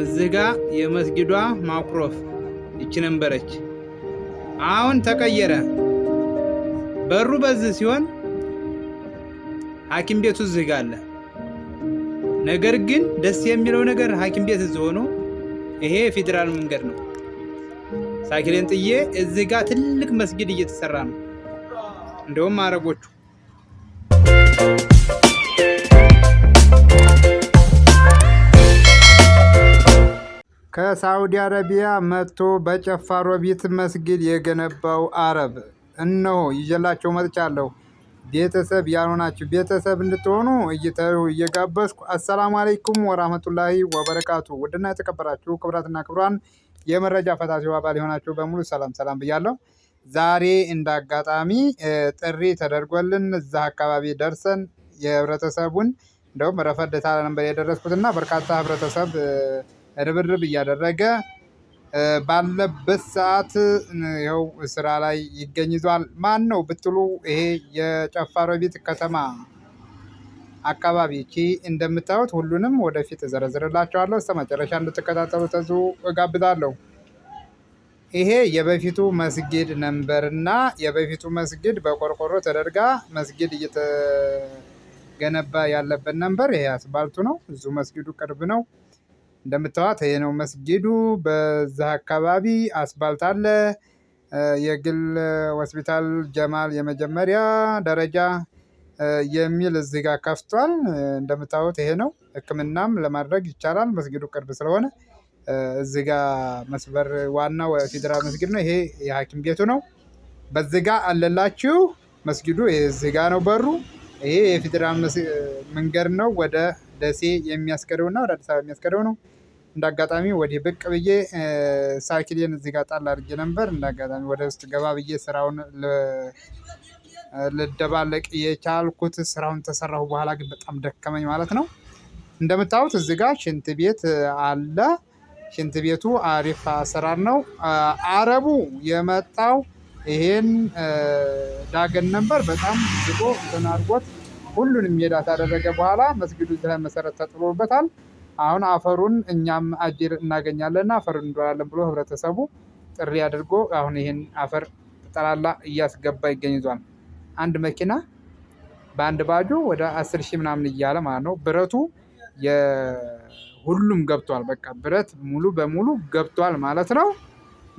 እዚህ ጋ የመስጊዷ ማኩሮፍ ይቺ ነበረች። አሁን ተቀየረ። በሩ በዚህ ሲሆን ሐኪም ቤቱ እዚህ ጋ አለ። ነገር ግን ደስ የሚለው ነገር ሐኪም ቤት እዚህ ሆኖ ይሄ የፌዴራል መንገድ ነው። ሳይክሌን ጥዬ እዚህ ጋ ትልቅ መስጊድ እየተሰራ ነው። እንደውም አረቦቹ ከሳዑዲ አረቢያ መጥቶ በጨፋሮ ቤት መስጊድ የገነባው አረብ እነሆ ይዤላቸው መጥቻለሁ። ቤተሰብ ያልሆናችሁ ቤተሰብ እንድትሆኑ እይተሩ እየጋበዝኩ፣ አሰላሙ አለይኩም ወራህመቱላሂ ወበረካቱ። ውድና የተከበራችሁ ክብራትና ክብሯን የመረጃ ፈታሲ አባል የሆናችሁ በሙሉ ሰላም ሰላም ብያለሁ። ዛሬ እንደ አጋጣሚ ጥሪ ተደርጎልን እዛ አካባቢ ደርሰን የህብረተሰቡን እንደውም ረፈድ ታለ ነበር የደረስኩትና በርካታ ህብረተሰብ ርብርብ እያደረገ ባለበት ሰዓት ይኸው ስራ ላይ ይገኝዟል። ማን ነው ብትሉ ይሄ የጨፋሮቢት ከተማ አካባቢ ቺ እንደምታዩት ሁሉንም ወደፊት እዘረዝርላቸዋለሁ። እስከ መጨረሻ እንድትከታተሉ ተዙ እጋብዛለሁ። ይሄ የበፊቱ መስጊድ ነንበር እና የበፊቱ መስጊድ በቆርቆሮ ተደርጋ መስጊድ እየተገነባ ያለበት ነንበር። ይሄ አስባልቱ ነው። እዙ መስጊዱ ቅርብ ነው። እንደምታዋት ይሄ ነው መስጊዱ። በዛ አካባቢ አስፋልት አለ። የግል ሆስፒታል ጀማል የመጀመሪያ ደረጃ የሚል እዚህ ጋር ከፍቷል። እንደምታዩት ይሄ ነው። ሕክምናም ለማድረግ ይቻላል። መስጊዱ ቅርብ ስለሆነ እዚህ ጋር መስበር ዋናው ፌዴራል መስጊድ ነው። ይሄ የሐኪም ቤቱ ነው። በዚህ ጋር አለላችሁ መስጊዱ። ይሄ እዚህ ጋር ነው በሩ ይሄ የፌዴራል መንገድ ነው ወደ ደሴ የሚያስገደውና ወደ አዲስ አበባ የሚያስገደው ነው። እንደ አጋጣሚ ወዲህ ብቅ ብዬ ሳይክሌን እዚህ ጋር ጣል አድርጌ ነበር። እንደ አጋጣሚ ወደ ውስጥ ገባ ብዬ ስራውን ልደባለቅ የቻልኩት ስራውን ተሰራሁ በኋላ ግን በጣም ደከመኝ ማለት ነው። እንደምታዩት እዚህ ጋር ሽንት ቤት አለ። ሽንት ቤቱ አሪፍ አሰራር ነው። አረቡ የመጣው ይሄን ዳገን ነበር በጣም ዝቆ ተናርጎት ሁሉንም ሜዳ ታደረገ በኋላ መስጊዱ ላይ መሰረት ተጥሎበታል። አሁን አፈሩን እኛም አጅር እናገኛለንና አፈር እንዶላለን ብሎ ህብረተሰቡ ጥሪ አድርጎ አሁን ይሄን አፈር ጠላላ እያስገባ ይገኝ ይዟል። አንድ መኪና በአንድ ባጆ ወደ አስር ሺህ ምናምን እያለ ማለት ነው። ብረቱ ሁሉም ገብቷል። በቃ ብረት ሙሉ በሙሉ ገብቷል ማለት ነው።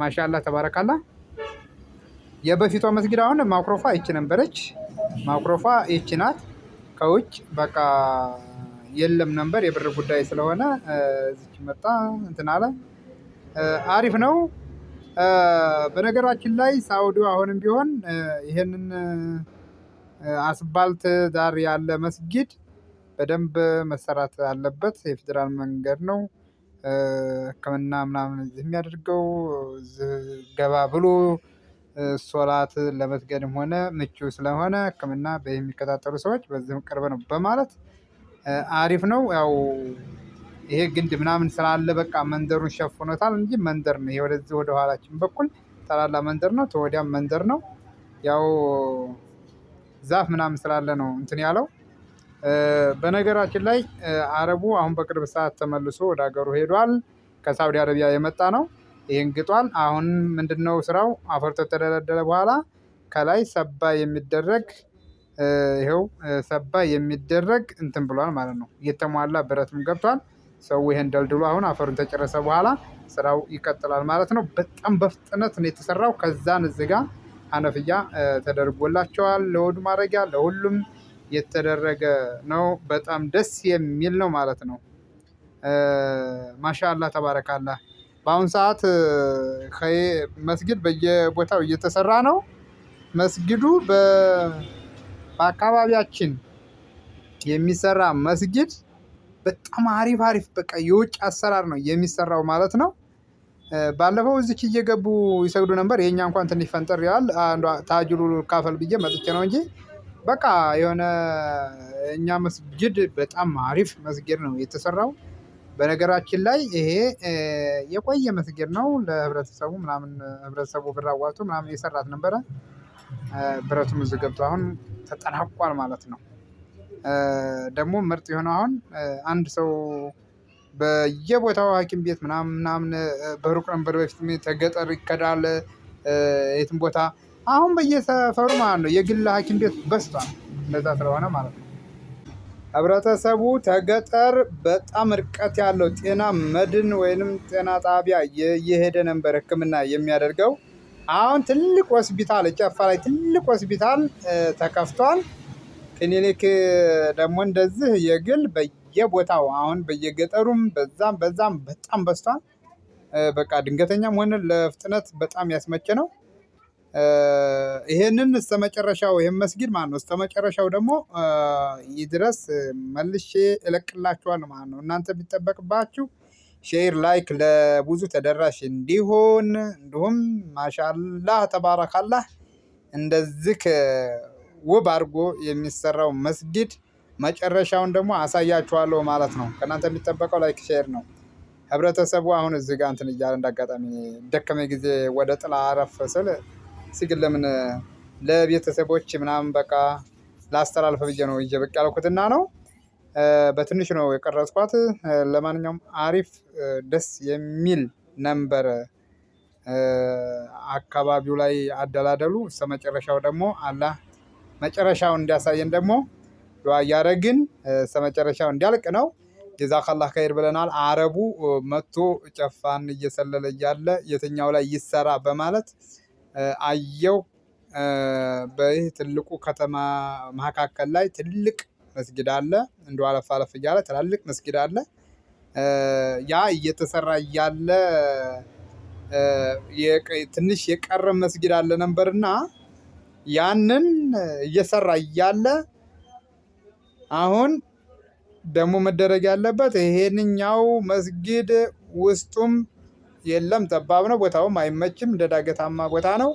ማሻላ ተባረካላ። የበፊቷ መስጊድ አሁን ማኩሮፋ ይቺ ነበረች። ማኩሮፋ ይቺ ናት። ከውጭ በቃ የለም ነበር የብር ጉዳይ ስለሆነ እዚች መጣ እንትን አለ። አሪፍ ነው። በነገራችን ላይ ሳውዲ አሁንም ቢሆን ይሄንን አስፋልት ዳር ያለ መስጊድ በደንብ መሰራት አለበት። የፌዴራል መንገድ ነው ሕክምና ምናምን የሚያደርገው ገባ ብሎ ሶላት ለመትገድም ሆነ ምቹ ስለሆነ ህክምና የሚከታተሉ ሰዎች በዚህም ቅርብ ነው በማለት አሪፍ ነው። ያው ይሄ ግንድ ምናምን ስላለ በቃ መንደሩን ሸፍኖታል እንጂ መንደር ነው። ይሄ ወደዚህ ወደ ኋላችን በኩል ጠላላ መንደር ነው። ተወዲያም መንደር ነው። ያው ዛፍ ምናምን ስላለ ነው እንትን ያለው። በነገራችን ላይ አረቡ አሁን በቅርብ ሰዓት ተመልሶ ወደ ሀገሩ ሄዷል። ከሳውዲ አረቢያ የመጣ ነው። ይሄን አሁን ምንድነው ስራው? አፈር ተደረደረ በኋላ ከላይ ሰባ የሚደረግ ይኸው ሰባ የሚደረግ እንትን ብሏል ማለት ነው። የተሟላ ብረትም ገብቷል። ሰው ይሄን ደልድሎ አሁን አፈሩን ተጨረሰ በኋላ ስራው ይቀጥላል ማለት ነው። በጣም በፍጥነት ነው የተሰራው። ከዛን እዚህ ጋር ተደርጎላቸዋል። ለወዱ ማድረጊያ ለሁሉም የተደረገ ነው። በጣም ደስ የሚል ነው ማለት ነው። ማሻላ ተባረካላ በአሁን ሰዓት መስጊድ በየቦታው እየተሰራ ነው። መስጊዱ በአካባቢያችን የሚሰራ መስጊድ በጣም አሪፍ አሪፍ በቃ የውጭ አሰራር ነው የሚሰራው ማለት ነው። ባለፈው እዚች እየገቡ ይሰግዱ ነበር። ይሄኛ እንኳን ትንሽ ፈንጠር ያል አንዷ ታጅሉ ካፈል ብዬ መጥቼ ነው እንጂ በቃ የሆነ እኛ መስጊድ በጣም አሪፍ መስጊድ ነው የተሰራው። በነገራችን ላይ ይሄ የቆየ መስጊድ ነው። ለህብረተሰቡ ምናምን ህብረተሰቡ ብር አዋጥቶ ምናምን የሰራት ነበረ። ብረቱም እዚህ ገብቶ አሁን ተጠናቋል ማለት ነው። ደግሞ ምርጥ የሆነ አሁን አንድ ሰው በየቦታው ሐኪም ቤት ምናምን ምናምን በሩቅ ነበር በፊት ተገጠር ይከዳል የትም ቦታ አሁን በየሰፈሩ ማለት ነው የግል ሐኪም ቤት በስቷል። እንደዛ ስለሆነ ማለት ነው። ህብረተሰቡ ተገጠር በጣም ርቀት ያለው ጤና መድን ወይንም ጤና ጣቢያ የሄደ ነበር ህክምና የሚያደርገው። አሁን ትልቅ ሆስፒታል እጨፋ ላይ ትልቅ ሆስፒታል ተከፍቷል። ክሊኒክ ደግሞ እንደዚህ የግል በየቦታው አሁን በየገጠሩም በዛም በዛም በጣም በስቷል። በቃ ድንገተኛም ሆነ ለፍጥነት በጣም ያስመቸ ነው። ይሄንን እስተ መጨረሻው ይህም መስጊድ ማለት ነው። እስተ መጨረሻው ደግሞ ይድረስ መልሼ እለቅላችኋል ማለት ነው። እናንተ የሚጠበቅባችሁ ሼር፣ ላይክ ለብዙ ተደራሽ እንዲሆን እንዲሁም ማሻላህ ተባረካላህ እንደዚህ ውብ አድርጎ የሚሰራው መስጊድ መጨረሻውን ደግሞ አሳያችኋለሁ ማለት ነው። ከእናንተ የሚጠበቀው ላይክ ሼር ነው። ህብረተሰቡ አሁን እዚህ ጋር እንትን እያለ እንዳጋጣሚ ደከመ ጊዜ ወደ ጥላ አረፍ ስል ሲግል ለምን ለቤተሰቦች ምናምን በቃ ላስተላልፈ ብዬ ነው ይዤ ብቅ ያልኩትና ነው። በትንሽ ነው የቀረጽኳት። ለማንኛውም አሪፍ ደስ የሚል ነንበር አካባቢው ላይ አደላደሉ እስከ መጨረሻው ደግሞ አላህ መጨረሻው እንዲያሳየን ደግሞ ዱዓ እያደረግን እስከ መጨረሻው እንዲያልቅ ነው። ጀዛከላህ ኸይር ብለናል። አረቡ መጥቶ ጨፋን እየሰለለ እያለ የትኛው ላይ ይሰራ በማለት አየው። በይህ ትልቁ ከተማ መካከል ላይ ትልቅ መስጊድ አለ። እንደ አለፍ አለፍ እያለ ትላልቅ መስጊድ አለ። ያ እየተሰራ እያለ ትንሽ የቀረ መስጊድ አለ ነበርና ያንን እየሰራ እያለ አሁን ደግሞ መደረግ ያለበት ይሄንኛው መስጊድ ውስጡም የለም ጠባብ ነው፣ ቦታውም አይመችም፣ እንደ ዳገታማ ቦታ ነው።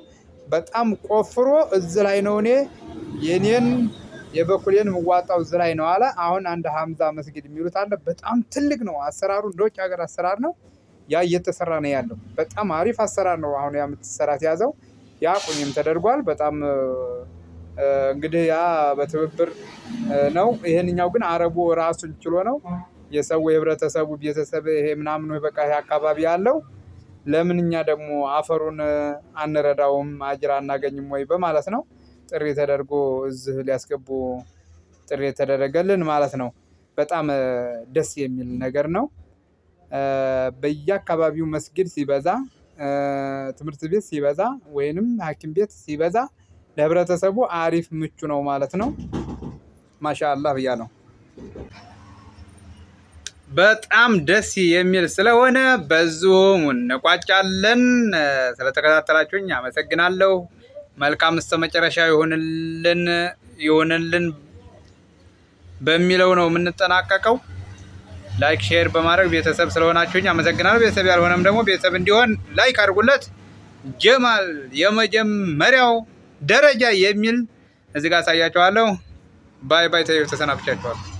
በጣም ቆፍሮ እዚ ላይ ነው እኔ የኔን የበኩሌን የምዋጣው እዚህ ላይ ነው አለ። አሁን አንድ ሀምዛ መስጊድ የሚሉት አለ። በጣም ትልቅ ነው አሰራሩ፣ እንደ ውጭ ሀገር አሰራር ነው። ያ እየተሰራ ነው ያለው። በጣም አሪፍ አሰራር ነው። አሁን ያ የምትሰራት ያዘው ያ ቁኝም ተደርጓል። በጣም እንግዲህ ያ በትብብር ነው። ይሄንኛው ግን አረቡ ራሱን ችሎ ነው የሰው የህብረተሰቡ ቤተሰብ ይሄ ምናምን በቃ አካባቢ ያለው ለምን እኛ ደግሞ አፈሩን አንረዳውም አጅር አናገኝም ወይ በማለት ነው ጥሪ ተደርጎ እዚህ ሊያስገቡ ጥሪ የተደረገልን ማለት ነው። በጣም ደስ የሚል ነገር ነው። በየአካባቢው መስጊድ ሲበዛ ትምህርት ቤት ሲበዛ ወይንም ሐኪም ቤት ሲበዛ ለህብረተሰቡ አሪፍ ምቹ ነው ማለት ነው። ማሻአላህ ብያ ነው። በጣም ደስ የሚል ስለሆነ በዚሁ እንቋጫለን። ስለተከታተላችሁኝ አመሰግናለሁ። መልካም እስከ መጨረሻ ይሆንልን ይሆንልን በሚለው ነው የምንጠናቀቀው። ላይክ ሼር በማድረግ ቤተሰብ ስለሆናችሁኝ አመሰግናለሁ። ቤተሰብ ያልሆነም ደግሞ ቤተሰብ እንዲሆን ላይክ አድርጉለት። ጀማል የመጀመሪያው ደረጃ የሚል እዚህ ጋር አሳያችኋለሁ። ባይ ባይ። ተሰናብቻችኋለሁ።